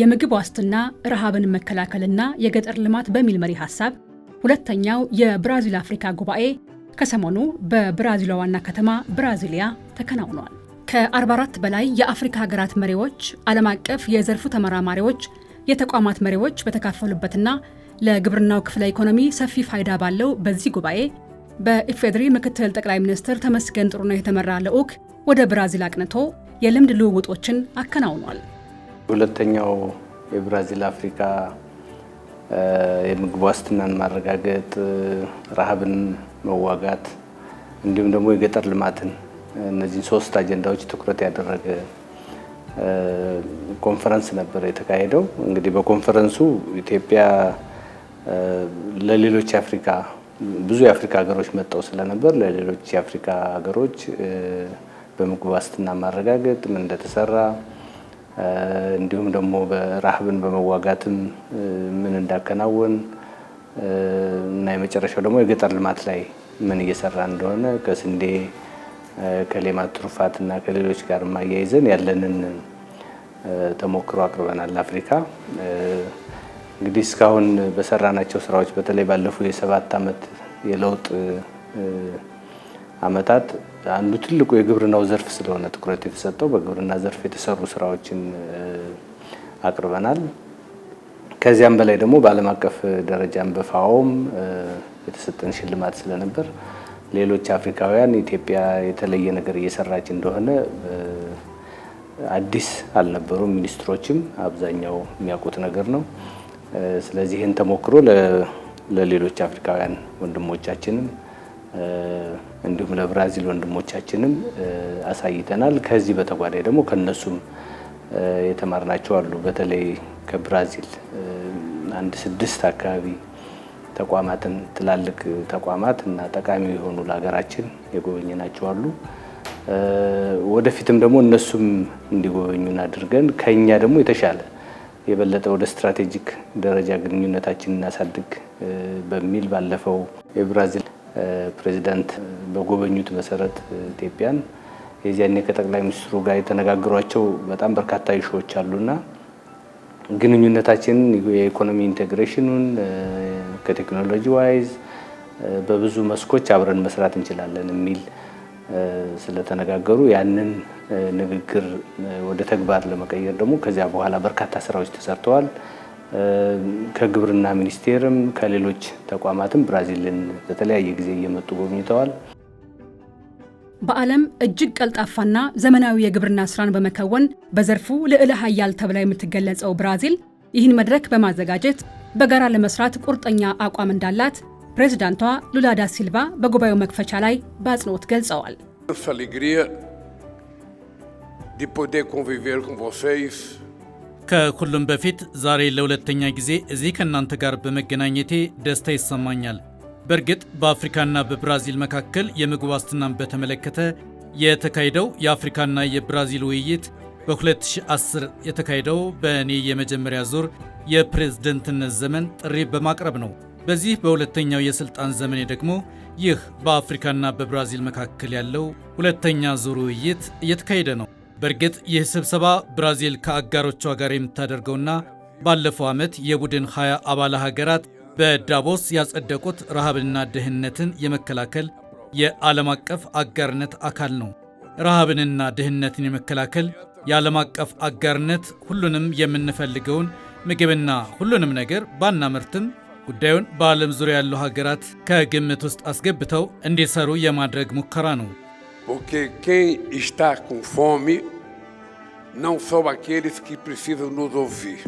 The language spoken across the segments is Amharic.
የምግብ ዋስትና ረሃብን መከላከልና የገጠር ልማት በሚል መሪ ሀሳብ ሁለተኛው የብራዚል አፍሪካ ጉባኤ ከሰሞኑ በብራዚል ዋና ከተማ ብራዚሊያ ተከናውኗል። ከ44 በላይ የአፍሪካ ሀገራት መሪዎች፣ ዓለም አቀፍ የዘርፉ ተመራማሪዎች፣ የተቋማት መሪዎች በተካፈሉበትና ለግብርናው ክፍለ ኢኮኖሚ ሰፊ ፋይዳ ባለው በዚህ ጉባኤ በኢፌዴሪ ምክትል ጠቅላይ ሚኒስትር ተመስገን ጥሩነህ የተመራ ልዑክ ወደ ብራዚል አቅንቶ የልምድ ልውውጦችን አከናውኗል። ሁለተኛው የብራዚል አፍሪካ የምግብ ዋስትናን ማረጋገጥ፣ ረሃብን መዋጋት እንዲሁም ደግሞ የገጠር ልማትን እነዚህን ሶስት አጀንዳዎች ትኩረት ያደረገ ኮንፈረንስ ነበር የተካሄደው። እንግዲህ በኮንፈረንሱ ኢትዮጵያ ለሌሎች የአፍሪካ ብዙ የአፍሪካ ሀገሮች መጥተው ስለነበር ለሌሎች የአፍሪካ ሀገሮች በምግብ ዋስትና ማረጋገጥ ምን እንደተሰራ እንዲሁም ደግሞ በረሃብን በመዋጋትም ምን እንዳከናወን እና የመጨረሻው ደግሞ የገጠር ልማት ላይ ምን እየሰራ እንደሆነ ከስንዴ ከሌማት ትሩፋት እና ከሌሎች ጋር ማያይዘን ያለንን ተሞክሮ አቅርበናል። ለአፍሪካ እንግዲህ እስካሁን በሰራናቸው ስራዎች በተለይ ባለፉ የሰባት ዓመት የለውጥ ዓመታት አንዱ ትልቁ የግብርናው ዘርፍ ስለሆነ ትኩረት የተሰጠው በግብርና ዘርፍ የተሰሩ ስራዎችን አቅርበናል። ከዚያም በላይ ደግሞ በዓለም አቀፍ ደረጃም በፋኦም የተሰጠን ሽልማት ስለነበር ሌሎች አፍሪካውያን ኢትዮጵያ የተለየ ነገር እየሰራች እንደሆነ አዲስ አልነበሩም። ሚኒስትሮችም አብዛኛው የሚያውቁት ነገር ነው። ስለዚህ ይህን ተሞክሮ ለሌሎች አፍሪካውያን ወንድሞቻችንም እንዲሁም ለብራዚል ወንድሞቻችንም አሳይተናል። ከዚህ በተጓዳይ ደግሞ ከነሱም የተማርናቸው አሉ። በተለይ ከብራዚል አንድ ስድስት አካባቢ ተቋማትን ትላልቅ ተቋማት እና ጠቃሚ የሆኑ ለሀገራችን የጎበኘናቸው አሉ። ወደፊትም ደግሞ እነሱም እንዲጎበኙን አድርገን ከኛ ደግሞ የተሻለ የበለጠ ወደ ስትራቴጂክ ደረጃ ግንኙነታችን እናሳድግ በሚል ባለፈው የብራዚል ፕሬዚዳንት በጎበኙት መሰረት ኢትዮጵያን የዚያኔ ከጠቅላይ ሚኒስትሩ ጋር የተነጋገሯቸው በጣም በርካታ ኢሹዎች አሉና ግንኙነታችንን የኢኮኖሚ ኢንቴግሬሽኑን ከቴክኖሎጂ ዋይዝ በብዙ መስኮች አብረን መስራት እንችላለን የሚል ስለተነጋገሩ ያንን ንግግር ወደ ተግባር ለመቀየር ደግሞ ከዚያ በኋላ በርካታ ስራዎች ተሰርተዋል። ከግብርና ሚኒስቴርም ከሌሎች ተቋማትም ብራዚልን በተለያየ ጊዜ እየመጡ ጎብኝተዋል። በዓለም እጅግ ቀልጣፋና ዘመናዊ የግብርና ስራን በመከወን በዘርፉ ልዕለ ሀያል ተብላ የምትገለጸው ብራዚል ይህን መድረክ በማዘጋጀት በጋራ ለመስራት ቁርጠኛ አቋም እንዳላት ፕሬዚዳንቷ ሉላዳ ሲልቫ በጉባኤው መክፈቻ ላይ በአጽንኦት ገልጸዋል። ዲ ፖደር ኮንቪቨር ከሁሉም በፊት ዛሬ ለሁለተኛ ጊዜ እዚህ ከእናንተ ጋር በመገናኘቴ ደስታ ይሰማኛል። በእርግጥ በአፍሪካና በብራዚል መካከል የምግብ ዋስትናን በተመለከተ የተካሄደው የአፍሪካና የብራዚል ውይይት በ2010 የተካሄደው በእኔ የመጀመሪያ ዙር የፕሬዝደንትነት ዘመን ጥሪ በማቅረብ ነው። በዚህ በሁለተኛው የሥልጣን ዘመኔ ደግሞ ይህ በአፍሪካና በብራዚል መካከል ያለው ሁለተኛ ዙር ውይይት እየተካሄደ ነው። በእርግጥ ይህ ስብሰባ ብራዚል ከአጋሮቿ ጋር የምታደርገውና ባለፈው ዓመት የቡድን 20 አባል ሀገራት በዳቦስ ያጸደቁት ረሃብንና ድህነትን የመከላከል የዓለም አቀፍ አጋርነት አካል ነው። ረሃብንና ድህነትን የመከላከል የዓለም አቀፍ አጋርነት ሁሉንም የምንፈልገውን ምግብና ሁሉንም ነገር ባናመርትም ጉዳዩን በዓለም ዙሪያ ያሉ ሀገራት ከግምት ውስጥ አስገብተው እንዲሰሩ የማድረግ ሙከራ ነው። Porque quem está com fome não são aqueles que precisam nos ouvir.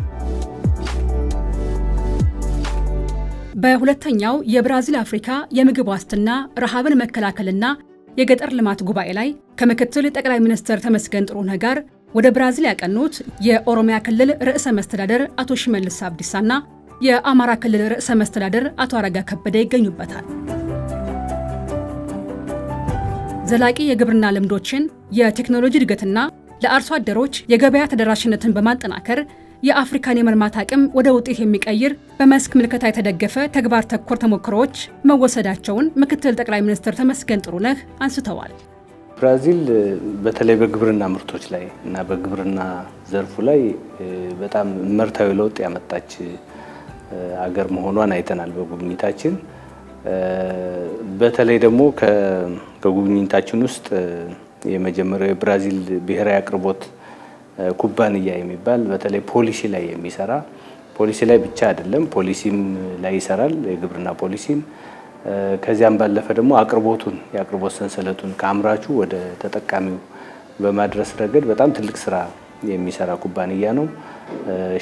በሁለተኛው የብራዚል አፍሪካ የምግብ ዋስትና ረሃብን መከላከልና የገጠር ልማት ጉባኤ ላይ ከምክትል ጠቅላይ ሚኒስትር ተመስገን ጥሩነህ ጋር ወደ ብራዚል ያቀኑት የኦሮሚያ ክልል ርዕሰ መስተዳደር አቶ ሽመልስ አብዲሳና የአማራ ክልል ርዕሰ መስተዳደር አቶ አረጋ ከበደ ይገኙበታል። ዘላቂ የግብርና ልምዶችን፣ የቴክኖሎጂ እድገትና ለአርሶ አደሮች የገበያ ተደራሽነትን በማጠናከር የአፍሪካን የመልማት አቅም ወደ ውጤት የሚቀይር በመስክ ምልከታ የተደገፈ ተግባር ተኮር ተሞክሮዎች መወሰዳቸውን ምክትል ጠቅላይ ሚኒስትር ተመስገን ጥሩነህ አንስተዋል። ብራዚል በተለይ በግብርና ምርቶች ላይ እና በግብርና ዘርፉ ላይ በጣም መርታዊ ለውጥ ያመጣች አገር መሆኗን አይተናል በጉብኝታችን። በተለይ ደግሞ ከጉብኝታችን ውስጥ የመጀመሪያው የብራዚል ብሔራዊ አቅርቦት ኩባንያ የሚባል በተለይ ፖሊሲ ላይ የሚሰራ ፖሊሲ ላይ ብቻ አይደለም፣ ፖሊሲም ላይ ይሰራል፣ የግብርና ፖሊሲም። ከዚያም ባለፈ ደግሞ አቅርቦቱን የአቅርቦት ሰንሰለቱን ከአምራቹ ወደ ተጠቃሚው በማድረስ ረገድ በጣም ትልቅ ስራ የሚሰራ ኩባንያ ነው።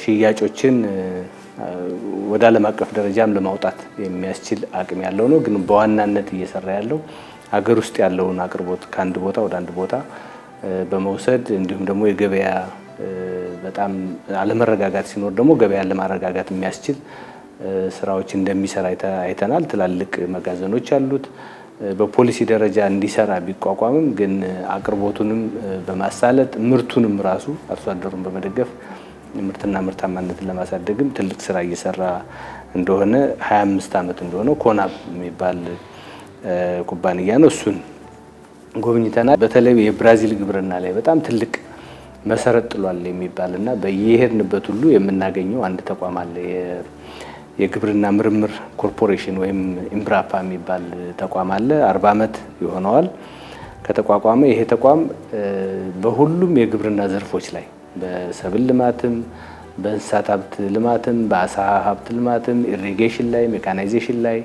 ሽያጮችን ወደ ዓለም አቀፍ ደረጃም ለማውጣት የሚያስችል አቅም ያለው ነው። ግን በዋናነት እየሰራ ያለው ሀገር ውስጥ ያለውን አቅርቦት ከአንድ ቦታ ወደ አንድ ቦታ በመውሰድ እንዲሁም ደግሞ የገበያ በጣም አለመረጋጋት ሲኖር ደግሞ ገበያን ለማረጋጋት የሚያስችል ስራዎች እንደሚሰራ አይተናል። ትላልቅ መጋዘኖች አሉት። በፖሊሲ ደረጃ እንዲሰራ ቢቋቋምም ግን አቅርቦቱንም በማሳለጥ ምርቱንም ራሱ አርሶ አደሩን በመደገፍ ምርትና ምርታማነትን ለማሳደግም ትልቅ ስራ እየሰራ እንደሆነ 25 ዓመት እንደሆነ ኮናብ የሚባል ኩባንያ ነው። እሱን ጎብኝተናል። በተለይ የብራዚል ግብርና ላይ በጣም ትልቅ መሰረት ጥሏል የሚባል እና በየሄድንበት ሁሉ የምናገኘው አንድ ተቋም አለ። የግብርና ምርምር ኮርፖሬሽን ወይም ኢምብራፓ የሚባል ተቋም አለ። አርባ ዓመት ይሆነዋል ከተቋቋመ። ይሄ ተቋም በሁሉም የግብርና ዘርፎች ላይ በሰብል ልማትም፣ በእንስሳት ሀብት ልማትም፣ በአሳ ሀብት ልማትም፣ ኢሪጌሽን ላይ፣ ሜካናይዜሽን ላይ፣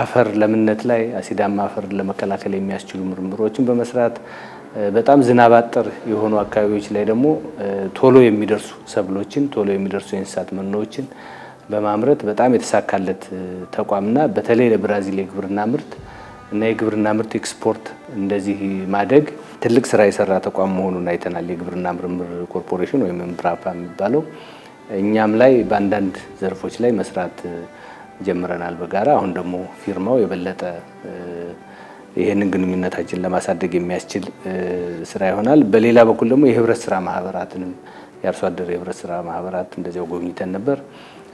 አፈር ለምነት ላይ አሲዳማ አፈር ለመከላከል የሚያስችሉ ምርምሮችን በመስራት በጣም ዝናብ አጠር የሆኑ አካባቢዎች ላይ ደግሞ ቶሎ የሚደርሱ ሰብሎችን ቶሎ የሚደርሱ የእንስሳት መኖዎችን በማምረት በጣም የተሳካለት ተቋምና በተለይ ለብራዚል የግብርና ምርት እና የግብርና ምርት ኤክስፖርት እንደዚህ ማደግ ትልቅ ስራ የሰራ ተቋም መሆኑን አይተናል። የግብርና ምርምር ኮርፖሬሽን ወይም ምራፓ የሚባለው እኛም ላይ በአንዳንድ ዘርፎች ላይ መስራት ጀምረናል በጋራ አሁን ደግሞ ፊርማው የበለጠ ይህንን ግንኙነታችን ለማሳደግ የሚያስችል ስራ ይሆናል። በሌላ በኩል ደግሞ የህብረት ስራ ማህበራትንም የአርሶ አደር የህብረት ስራ ማህበራት እንደዚያው ጎብኝተን ነበር።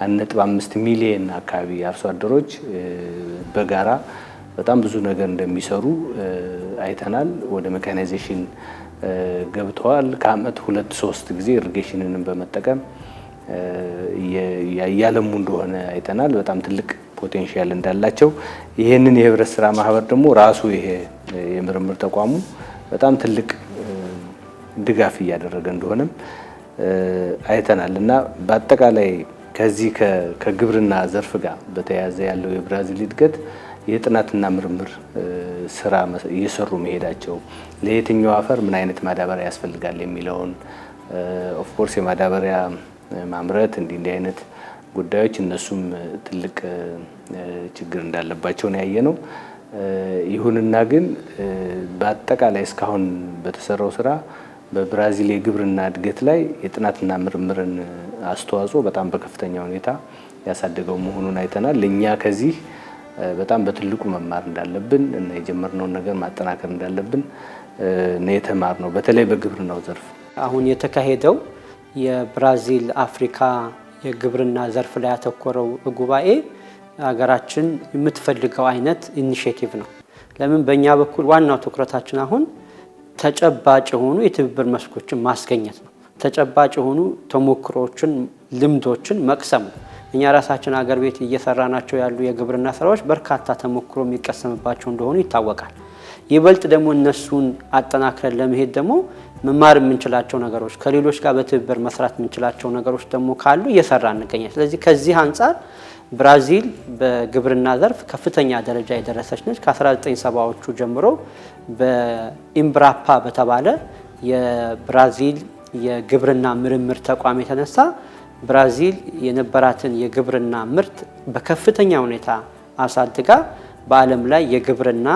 አንድ ነጥብ አምስት ሚሊየን አካባቢ አርሶ አደሮች በጋራ በጣም ብዙ ነገር እንደሚሰሩ አይተናል። ወደ ሜካናይዜሽን ገብተዋል። ከአመት ሁለት ሶስት ጊዜ ኢሪጌሽንንም በመጠቀም እያለሙ እንደሆነ አይተናል። በጣም ትልቅ ፖቴንሻል እንዳላቸው ይህንን የህብረት ስራ ማህበር ደግሞ ራሱ ይሄ የምርምር ተቋሙ በጣም ትልቅ ድጋፍ እያደረገ እንደሆነም አይተናል እና በአጠቃላይ ከዚህ ከግብርና ዘርፍ ጋር በተያያዘ ያለው የብራዚል እድገት የጥናትና ምርምር ስራ እየሰሩ መሄዳቸው ለየትኛው አፈር ምን አይነት ማዳበሪያ ያስፈልጋል የሚለውን ኦፍኮርስ የማዳበሪያ ማምረት እንዲህ እንዲህ አይነት ጉዳዮች እነሱም ትልቅ ችግር እንዳለባቸውን ያየ ነው። ይሁንና ግን በአጠቃላይ እስካሁን በተሰራው ስራ በብራዚል የግብርና እድገት ላይ የጥናትና ምርምርን አስተዋጽኦ በጣም በከፍተኛ ሁኔታ ያሳደገው መሆኑን አይተናል። እኛ ከዚህ በጣም በትልቁ መማር እንዳለብን እና የጀመርነውን ነገር ማጠናከር እንዳለብን ነው የተማርነው። በተለይ በግብርናው ዘርፍ አሁን የተካሄደው የብራዚል አፍሪካ የግብርና ዘርፍ ላይ ያተኮረው ጉባኤ ሀገራችን የምትፈልገው አይነት ኢኒሽቲቭ ነው። ለምን በእኛ በኩል ዋናው ትኩረታችን አሁን ተጨባጭ የሆኑ የትብብር መስኮችን ማስገኘት ነው። ተጨባጭ የሆኑ ተሞክሮዎችን፣ ልምዶችን መቅሰም ነው። እኛ ራሳችን አገር ቤት እየሰራ ናቸው ያሉ የግብርና ስራዎች በርካታ ተሞክሮ የሚቀሰምባቸው እንደሆኑ ይታወቃል። ይበልጥ ደግሞ እነሱን አጠናክረን ለመሄድ ደግሞ መማር የምንችላቸው ነገሮች ከሌሎች ጋር በትብብር መስራት የምንችላቸው ነገሮች ደግሞ ካሉ እየሰራ እንገኛል። ስለዚህ ከዚህ አንጻር ብራዚል በግብርና ዘርፍ ከፍተኛ ደረጃ የደረሰች ነች። ከ1970ዎቹ ጀምሮ በኢምብራፓ በተባለ የብራዚል የግብርና ምርምር ተቋም የተነሳ ብራዚል የነበራትን የግብርና ምርት በከፍተኛ ሁኔታ አሳድጋ በዓለም ላይ የግብርና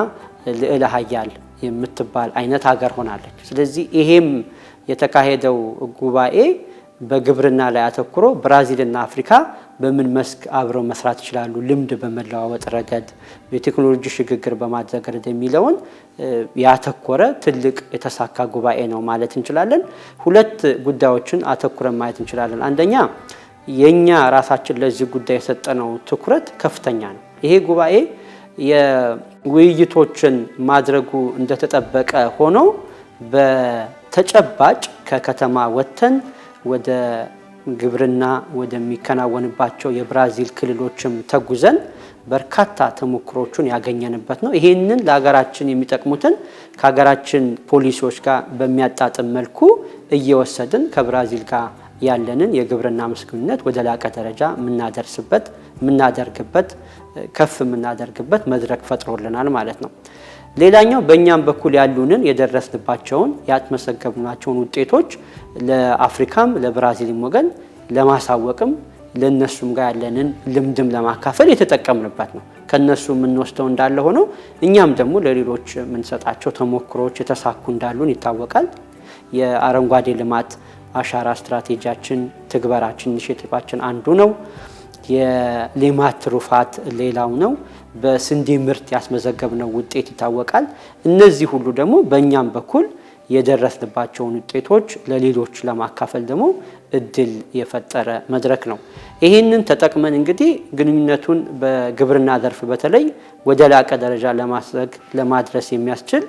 ልዕለ ሀያል የምትባል አይነት ሀገር ሆናለች። ስለዚህ ይሄም የተካሄደው ጉባኤ በግብርና ላይ አተኩሮ ብራዚልና አፍሪካ በምን መስክ አብረው መስራት ይችላሉ፣ ልምድ በመለዋወጥ ረገድ የቴክኖሎጂ ሽግግር በማድረግ ረገድ የሚለውን ያተኮረ ትልቅ የተሳካ ጉባኤ ነው ማለት እንችላለን። ሁለት ጉዳዮችን አተኩረን ማየት እንችላለን። አንደኛ የእኛ ራሳችን ለዚህ ጉዳይ የሰጠነው ትኩረት ከፍተኛ ነው። ይሄ ጉባኤ የውይይቶችን ማድረጉ እንደተጠበቀ ሆኖ በተጨባጭ ከከተማ ወጥተን ወደ ግብርና ወደሚከናወንባቸው የብራዚል ክልሎችም ተጉዘን በርካታ ተሞክሮቹን ያገኘንበት ነው። ይሄንን ለሀገራችን የሚጠቅሙትን ከሀገራችን ፖሊሲዎች ጋር በሚያጣጥም መልኩ እየወሰድን ከብራዚል ጋር ያለንን የግብርና ምስክርነት ወደ ላቀ ደረጃ የምናደርስበት የምናደርግበት ከፍ የምናደርግበት መድረክ ፈጥሮልናል ማለት ነው። ሌላኛው በእኛም በኩል ያሉንን የደረስንባቸውን ያስመዘገብናቸውን ውጤቶች ለአፍሪካም ለብራዚልም ወገን ለማሳወቅም ለእነሱም ጋር ያለንን ልምድም ለማካፈል የተጠቀምንበት ነው። ከእነሱ የምንወስደው እንዳለ ሆነው እኛም ደግሞ ለሌሎች የምንሰጣቸው ተሞክሮዎች የተሳኩ እንዳሉን ይታወቃል። የአረንጓዴ ልማት አሻራ ስትራቴጂያችን ትግበራችን ኢኒሼቲቫችን አንዱ ነው። የሌማት ትሩፋት ሌላው ነው። በስንዴ ምርት ያስመዘገብነው ውጤት ይታወቃል። እነዚህ ሁሉ ደግሞ በእኛም በኩል የደረስንባቸውን ውጤቶች ለሌሎች ለማካፈል ደግሞ እድል የፈጠረ መድረክ ነው። ይህንን ተጠቅመን እንግዲህ ግንኙነቱን በግብርና ዘርፍ በተለይ ወደ ላቀ ደረጃ ለማስረግ ለማድረስ የሚያስችል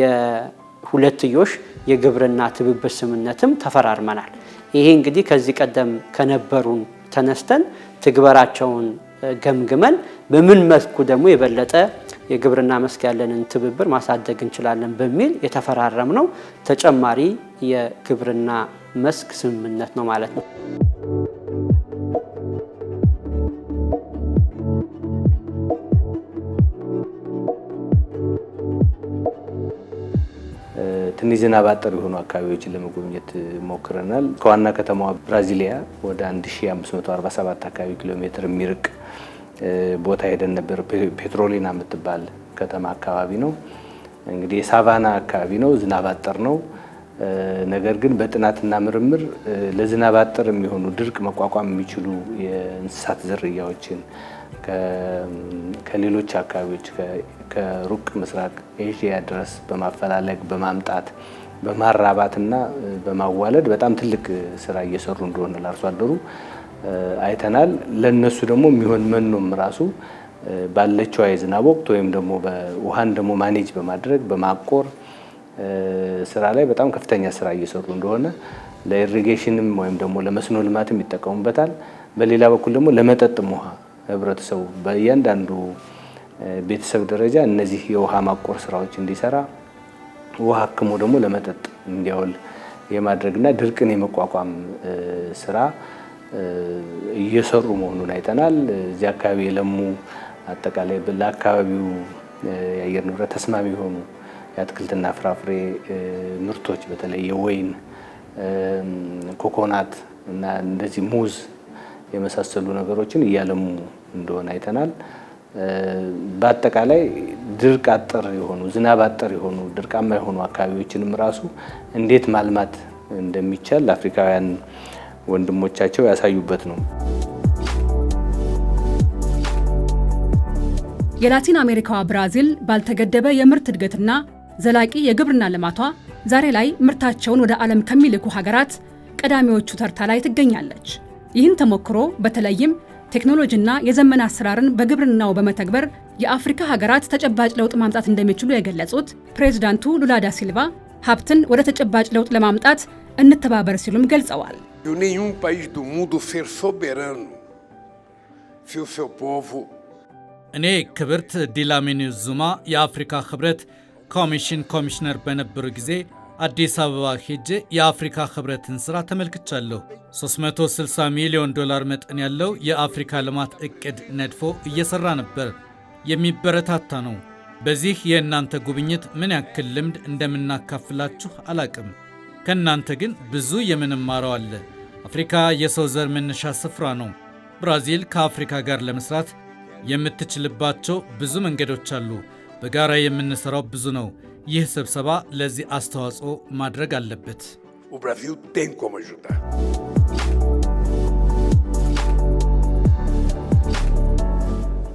የሁለትዮሽ የግብርና ትብብር ስምምነትም ተፈራርመናል። ይሄ እንግዲህ ከዚህ ቀደም ከነበሩን ተነስተን ትግበራቸውን ገምግመን በምን መልኩ ደግሞ የበለጠ የግብርና መስክ ያለንን ትብብር ማሳደግ እንችላለን በሚል የተፈራረም ነው ተጨማሪ የግብርና መስክ ስምምነት ነው ማለት ነው። ትንሽ ዝናብ አጠር የሆኑ አካባቢዎችን ለመጎብኘት ሞክረናል። ከዋና ከተማዋ ብራዚሊያ ወደ 1547 አካባቢ ኪሎ ሜትር የሚርቅ ቦታ ሄደን ነበር። ፔትሮሊና የምትባል ከተማ አካባቢ ነው እንግዲህ የሳቫና አካባቢ ነው። ዝናብ አጠር ነው። ነገር ግን በጥናትና ምርምር ለዝናብ አጠር የሚሆኑ ድርቅ መቋቋም የሚችሉ የእንስሳት ዝርያዎችን ከሌሎች አካባቢዎች ከሩቅ ምስራቅ ኤዥያ ድረስ በማፈላለግ በማምጣት በማራባትና በማዋለድ በጣም ትልቅ ስራ እየሰሩ እንደሆነ ለአርሶ አደሩ አይተናል። ለነሱ ደግሞ የሚሆን መኖም ራሱ ባለችው የዝናብ ወቅት ወይም ደግሞ ውሃን ደግሞ ማኔጅ በማድረግ በማቆር ስራ ላይ በጣም ከፍተኛ ስራ እየሰሩ እንደሆነ ለኢሪጌሽንም ወይም ደግሞ ለመስኖ ልማትም ይጠቀሙበታል። በሌላ በኩል ደግሞ ለመጠጥም ውሃ ህብረተሰቡ በእያንዳንዱ ቤተሰብ ደረጃ እነዚህ የውሃ ማቆር ስራዎች እንዲሰራ ውሃ ህክሙ ደግሞ ለመጠጥ እንዲያውል የማድረግና ድርቅን የመቋቋም ስራ እየሰሩ መሆኑን አይተናል። እዚህ አካባቢ የለሙ አጠቃላይ ለአካባቢው የአየር ንብረት ተስማሚ የሆኑ የአትክልትና ፍራፍሬ ምርቶች በተለይ የወይን፣ ኮኮናት እና እንደዚህ ሙዝ የመሳሰሉ ነገሮችን እያለሙ እንደሆነ አይተናል። በአጠቃላይ ድርቅ አጠር የሆኑ ዝናብ አጠር የሆኑ ድርቃማ የሆኑ አካባቢዎችንም ራሱ እንዴት ማልማት እንደሚቻል አፍሪካውያን ወንድሞቻቸው ያሳዩበት ነው። የላቲን አሜሪካዋ ብራዚል ባልተገደበ የምርት እድገትና ዘላቂ የግብርና ልማቷ ዛሬ ላይ ምርታቸውን ወደ ዓለም ከሚልኩ ሀገራት ቀዳሚዎቹ ተርታ ላይ ትገኛለች። ይህን ተሞክሮ በተለይም ቴክኖሎጂና የዘመነ አሰራርን በግብርናው በመተግበር የአፍሪካ ሀገራት ተጨባጭ ለውጥ ማምጣት እንደሚችሉ የገለጹት ፕሬዚዳንቱ ሉላ ዳ ሲልቫ ሀብትን ወደ ተጨባጭ ለውጥ ለማምጣት እንተባበር ሲሉም ገልጸዋል። nenhum እኔ ክብርት ዲላሚኒ ዙማ የአፍሪካ ህብረት ኮሚሽን ኮሚሽነር በነበሩ ጊዜ አዲስ አበባ ሄጄ የአፍሪካ ህብረትን ሥራ ተመልክቻለሁ። 360 ሚሊዮን ዶላር መጠን ያለው የአፍሪካ ልማት ዕቅድ ነድፎ እየሠራ ነበር። የሚበረታታ ነው። በዚህ የእናንተ ጉብኝት ምን ያክል ልምድ እንደምናካፍላችሁ አላቅም። ከእናንተ ግን ብዙ የምንማረው አለ። አፍሪካ የሰው ዘር መነሻ ስፍራ ነው። ብራዚል ከአፍሪካ ጋር ለመስራት የምትችልባቸው ብዙ መንገዶች አሉ። በጋራ የምንሰራው ብዙ ነው። ይህ ስብሰባ ለዚህ አስተዋጽኦ ማድረግ አለበት።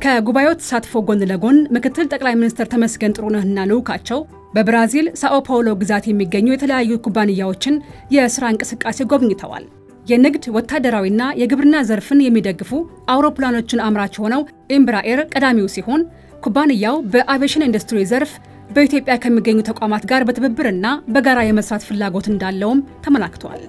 ከጉባኤው ተሳትፎ ጎን ለጎን ምክትል ጠቅላይ ሚኒስትር ተመስገን ጥሩነህና ልዑካቸው በብራዚል ሳኦ ፓውሎ ግዛት የሚገኙ የተለያዩ ኩባንያዎችን የስራ እንቅስቃሴ ጎብኝተዋል። የንግድ ወታደራዊና የግብርና ዘርፍን የሚደግፉ አውሮፕላኖችን አምራች ሆነው ኤምብራኤር ቀዳሚው ሲሆን ኩባንያው በአቪዬሽን ኢንዱስትሪ ዘርፍ በኢትዮጵያ ከሚገኙ ተቋማት ጋር በትብብርና በጋራ የመስራት ፍላጎት እንዳለውም ተመላክቷል።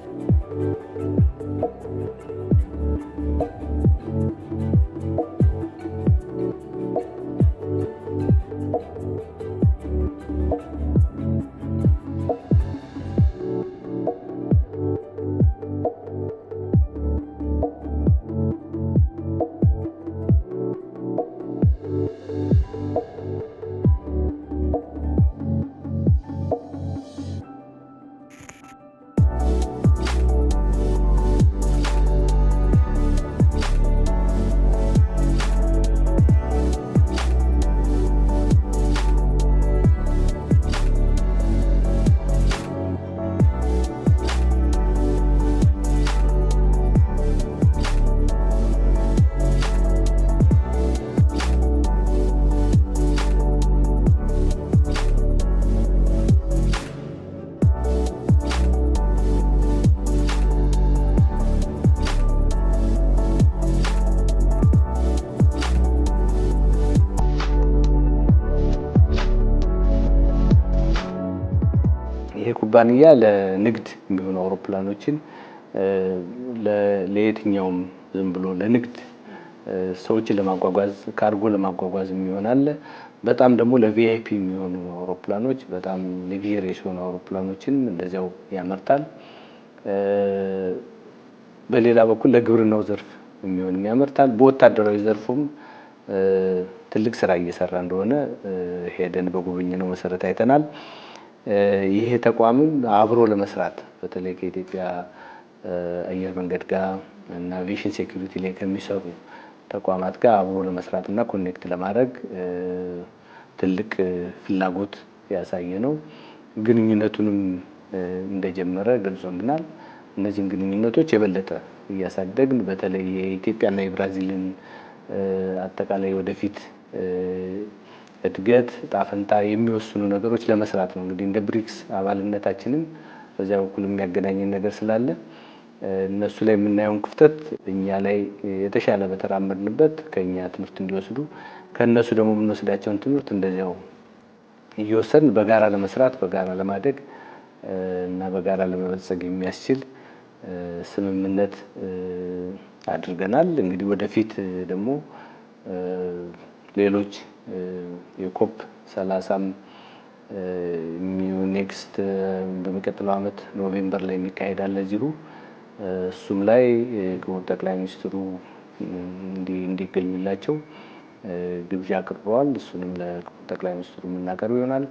ይሄ ኩባንያ ለንግድ የሚሆኑ አውሮፕላኖችን ለየትኛውም ዝም ብሎ ለንግድ ሰዎችን ለማጓጓዝ ካርጎ ለማጓጓዝ የሚሆን አለ። በጣም ደግሞ ለቪአይፒ የሚሆኑ አውሮፕላኖች በጣም ንግር የሆኑ አውሮፕላኖችን እንደዚያው ያመርታል። በሌላ በኩል ለግብርናው ዘርፍ የሚሆን ያመርታል። በወታደራዊ ዘርፉም ትልቅ ስራ እየሰራ እንደሆነ ሄደን በጉብኝ ነው መሰረት አይተናል። ይሄ ተቋምም አብሮ ለመስራት በተለይ ከኢትዮጵያ አየር መንገድ ጋር እና አቪዬሽን ሴኩሪቲ ላይ ከሚሰሩ ተቋማት ጋር አብሮ ለመስራት እና ኮኔክት ለማድረግ ትልቅ ፍላጎት ያሳየ ነው። ግንኙነቱንም እንደጀመረ ገልጾልናል። እነዚህም ግንኙነቶች የበለጠ እያሳደግን በተለይ የኢትዮጵያና የብራዚልን አጠቃላይ ወደፊት እድገት ዕጣ የሚወስኑ ነገሮች ለመስራት ነው። እንግዲህ እንደ ብሪክስ አባልነታችንም በዚያ በኩል የሚያገናኝን ነገር ስላለ እነሱ ላይ የምናየውን ክፍተት እኛ ላይ የተሻለ በተራመድንበት ከእኛ ትምህርት እንዲወስዱ ከእነሱ ደግሞ የምንወስዳቸውን ትምህርት እንደዚያው እየወሰድን በጋራ ለመስራት በጋራ ለማደግ እና በጋራ ለመበልጸግ የሚያስችል ስምምነት አድርገናል። እንግዲህ ወደፊት ደግሞ ሌሎች የኮፕ 30ም ኔክስት በሚቀጥለው ዓመት ኖቬምበር ላይ የሚካሄዳል እዚሁ እሱም ላይ ክቡር ጠቅላይ ሚኒስትሩ እንዲገኙላቸው ግብዣ አቅርበዋል። እሱንም ለክቡር ጠቅላይ ሚኒስትሩ የምናቀርብ ይሆናል።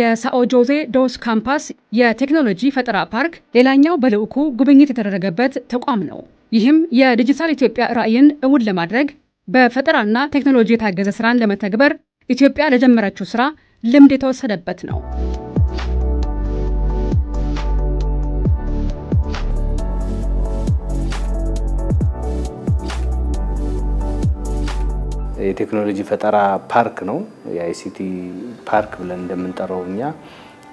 የሳኦ ጆዜ ዶስ ካምፓስ የቴክኖሎጂ ፈጠራ ፓርክ ሌላኛው በልዑኩ ጉብኝት የተደረገበት ተቋም ነው። ይህም የዲጂታል ኢትዮጵያ ራዕይን እውን ለማድረግ በፈጠራና ቴክኖሎጂ የታገዘ ስራን ለመተግበር ኢትዮጵያ ለጀመረችው ስራ ልምድ የተወሰደበት ነው። የቴክኖሎጂ ፈጠራ ፓርክ ነው። የአይሲቲ ፓርክ ብለን እንደምንጠራው እኛ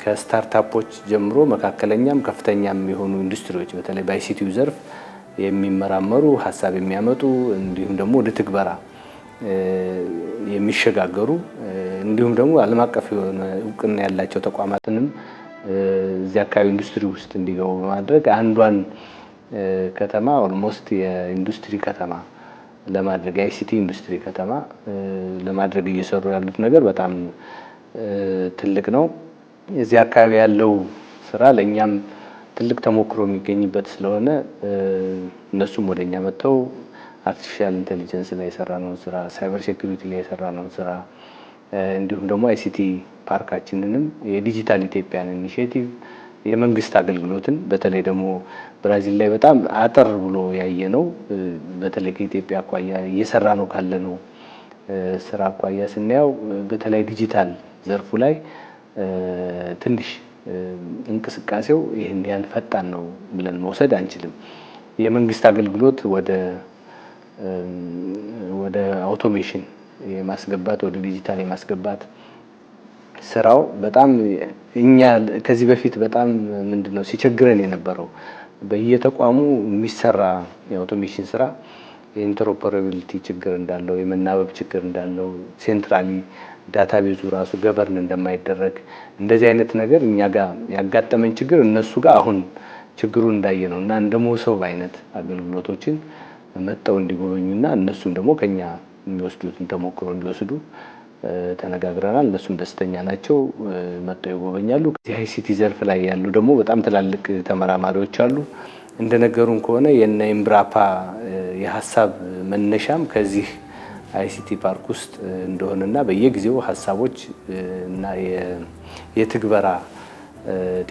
ከስታርታፖች ጀምሮ መካከለኛም ከፍተኛም የሆኑ ኢንዱስትሪዎች በተለይ በአይሲቲው ዘርፍ የሚመራመሩ ሀሳብ የሚያመጡ እንዲሁም ደግሞ ወደ ትግበራ የሚሸጋገሩ እንዲሁም ደግሞ ዓለም አቀፍ የሆነ እውቅና ያላቸው ተቋማትንም እዚህ አካባቢ ኢንዱስትሪ ውስጥ እንዲገቡ በማድረግ አንዷን ከተማ ኦልሞስት የኢንዱስትሪ ከተማ ለማድረግ የአይሲቲ ኢንዱስትሪ ከተማ ለማድረግ እየሰሩ ያሉት ነገር በጣም ትልቅ ነው። እዚህ አካባቢ ያለው ስራ ለእኛም ትልቅ ተሞክሮ የሚገኝበት ስለሆነ እነሱም ወደ እኛ መጥተው አርቲፊሻል ኢንቴሊጀንስ ላይ የሰራነውን ስራ፣ ሳይበር ሴኩሪቲ ላይ የሰራነውን ስራ እንዲሁም ደግሞ አይሲቲ ፓርካችንንም የዲጂታል ኢትዮጵያን ኢኒሽቲቭ የመንግስት አገልግሎትን በተለይ ደግሞ ብራዚል ላይ በጣም አጠር ብሎ ያየ ነው። በተለይ ከኢትዮጵያ አኳያ እየሰራ ነው ካለ ነው ስራ አኳያ ስናየው በተለይ ዲጂታል ዘርፉ ላይ ትንሽ እንቅስቃሴው ይህን ያህል ፈጣን ነው ብለን መውሰድ አንችልም። የመንግስት አገልግሎት ወደ ወደ አውቶሜሽን የማስገባት ወደ ዲጂታል የማስገባት ስራው በጣም እኛ ከዚህ በፊት በጣም ምንድን ነው ሲቸግረን የነበረው በየተቋሙ የሚሰራ የአውቶሜሽን ስራ የኢንተሮፐራቢሊቲ ችግር እንዳለው የመናበብ ችግር እንዳለው ሴንትራሊ ዳታ ቤዙ ራሱ ገበርን እንደማይደረግ እንደዚህ አይነት ነገር እኛ ጋር ያጋጠመን ችግር እነሱ ጋር አሁን ችግሩ እንዳየ ነው እና እንደ መሶብ አይነት አገልግሎቶችን መጠው እንዲጎበኙና እነሱም ደግሞ ከኛ የሚወስዱትን ተሞክሮ እንዲወስዱ ተነጋግረናል። እነሱም ደስተኛ ናቸው፣ መጠው ይጎበኛሉ። ከዚህ አይሲቲ ዘርፍ ላይ ያሉ ደግሞ በጣም ትላልቅ ተመራማሪዎች አሉ። እንደነገሩን ከሆነ የነ ኢምብራፓ የሀሳብ መነሻም ከዚህ አይሲቲ ፓርክ ውስጥ እንደሆነና በየጊዜው ሀሳቦች እና የትግበራ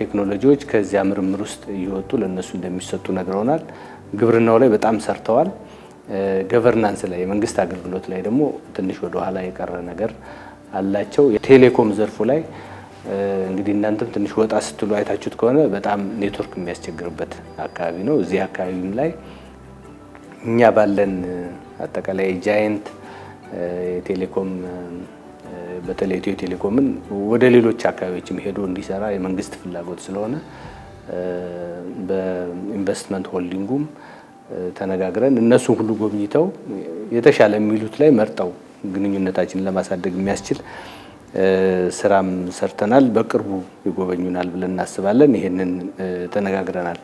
ቴክኖሎጂዎች ከዚያ ምርምር ውስጥ እየወጡ ለእነሱ እንደሚሰጡ ነግረውናል። ግብርናው ላይ በጣም ሰርተዋል። ገቨርናንስ ላይ የመንግስት አገልግሎት ላይ ደግሞ ትንሽ ወደኋላ የቀረ ነገር አላቸው። የቴሌኮም ዘርፉ ላይ እንግዲህ እናንተም ትንሽ ወጣ ስትሉ አይታችሁት ከሆነ በጣም ኔትወርክ የሚያስቸግርበት አካባቢ ነው። እዚህ አካባቢም ላይ እኛ ባለን አጠቃላይ ጃይንት የቴሌኮም በተለይ ኢትዮ ቴሌኮምን ወደ ሌሎች አካባቢዎችም ሄዶ እንዲሰራ የመንግስት ፍላጎት ስለሆነ በኢንቨስትመንት ሆልዲንጉም ተነጋግረን እነሱን ሁሉ ጎብኝተው የተሻለ የሚሉት ላይ መርጠው ግንኙነታችንን ለማሳደግ የሚያስችል ስራም ሰርተናል። በቅርቡ ይጎበኙናል ብለን እናስባለን። ይሄንን ተነጋግረናል።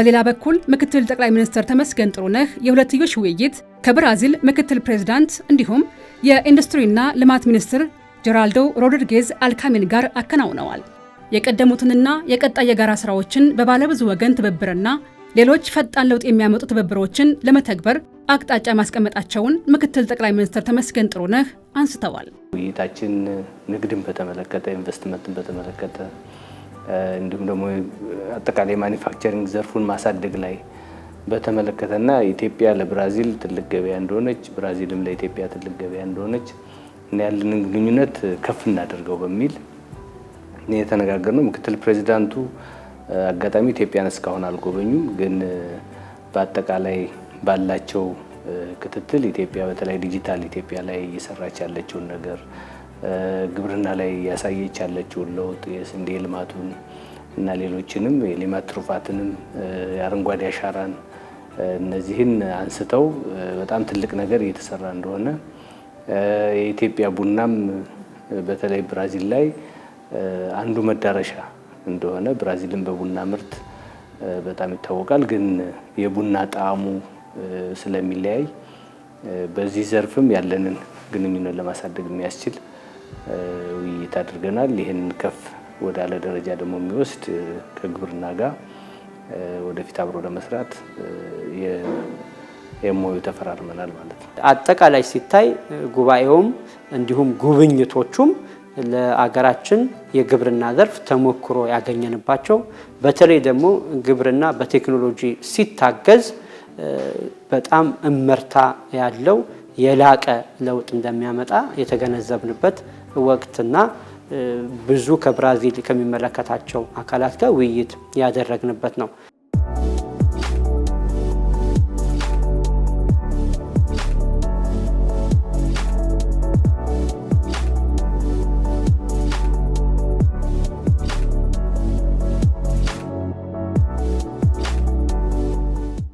በሌላ በኩል ምክትል ጠቅላይ ሚኒስትር ተመስገን ጥሩነህ የሁለትዮሽ ውይይት ከብራዚል ምክትል ፕሬዝዳንት እንዲሁም የኢንዱስትሪና ልማት ሚኒስትር ጀራልዶ ሮድሪጌዝ አልካሚን ጋር አከናውነዋል። የቀደሙትንና የቀጣይ የጋራ ስራዎችን በባለብዙ ወገን ትብብርና ሌሎች ፈጣን ለውጥ የሚያመጡ ትብብሮችን ለመተግበር አቅጣጫ ማስቀመጣቸውን ምክትል ጠቅላይ ሚኒስትር ተመስገን ጥሩነህ አንስተዋል። ውይይታችን ንግድን በተመለከተ ኢንቨስትመንትን በተመለከተ እንዲሁም ደግሞ አጠቃላይ ማኒፋክቸሪንግ ዘርፉን ማሳደግ ላይ በተመለከተና ኢትዮጵያ ለብራዚል ትልቅ ገበያ እንደሆነች ብራዚልም ለኢትዮጵያ ትልቅ ገበያ እንደሆነች እና ያለንን ግንኙነት ከፍ እናደርገው በሚል ነው። ምክትል ፕሬዚዳንቱ አጋጣሚ ኢትዮጵያን እስካሁን አልጎበኙም፣ ግን በአጠቃላይ ባላቸው ክትትል ኢትዮጵያ በተለይ ዲጂታል ኢትዮጵያ ላይ እየሰራች ያለችውን ነገር ግብርና ላይ ያሳየች ያለችውን ለውጥ የስንዴ ልማቱን እና ሌሎችንም የሌማት ትሩፋትንም የአረንጓዴ አሻራን እነዚህን አንስተው በጣም ትልቅ ነገር እየተሰራ እንደሆነ የኢትዮጵያ ቡናም በተለይ ብራዚል ላይ አንዱ መዳረሻ እንደሆነ ብራዚልን በቡና ምርት በጣም ይታወቃል። ግን የቡና ጣዕሙ ስለሚለያይ በዚህ ዘርፍም ያለንን ግንኙነት ለማሳደግ የሚያስችል ውይይት አድርገናል። ይህን ከፍ ወዳለ ደረጃ ደግሞ የሚወስድ ከግብርና ጋር ወደፊት አብሮ ለመስራት የሞዩ ተፈራርመናል ማለት ነው። አጠቃላይ ሲታይ ጉባኤውም እንዲሁም ጉብኝቶቹም ለአገራችን የግብርና ዘርፍ ተሞክሮ ያገኘንባቸው በተለይ ደግሞ ግብርና በቴክኖሎጂ ሲታገዝ በጣም እመርታ ያለው የላቀ ለውጥ እንደሚያመጣ የተገነዘብንበት ወቅትና ብዙ ከብራዚል ከሚመለከታቸው አካላት ጋር ውይይት ያደረግንበት ነው።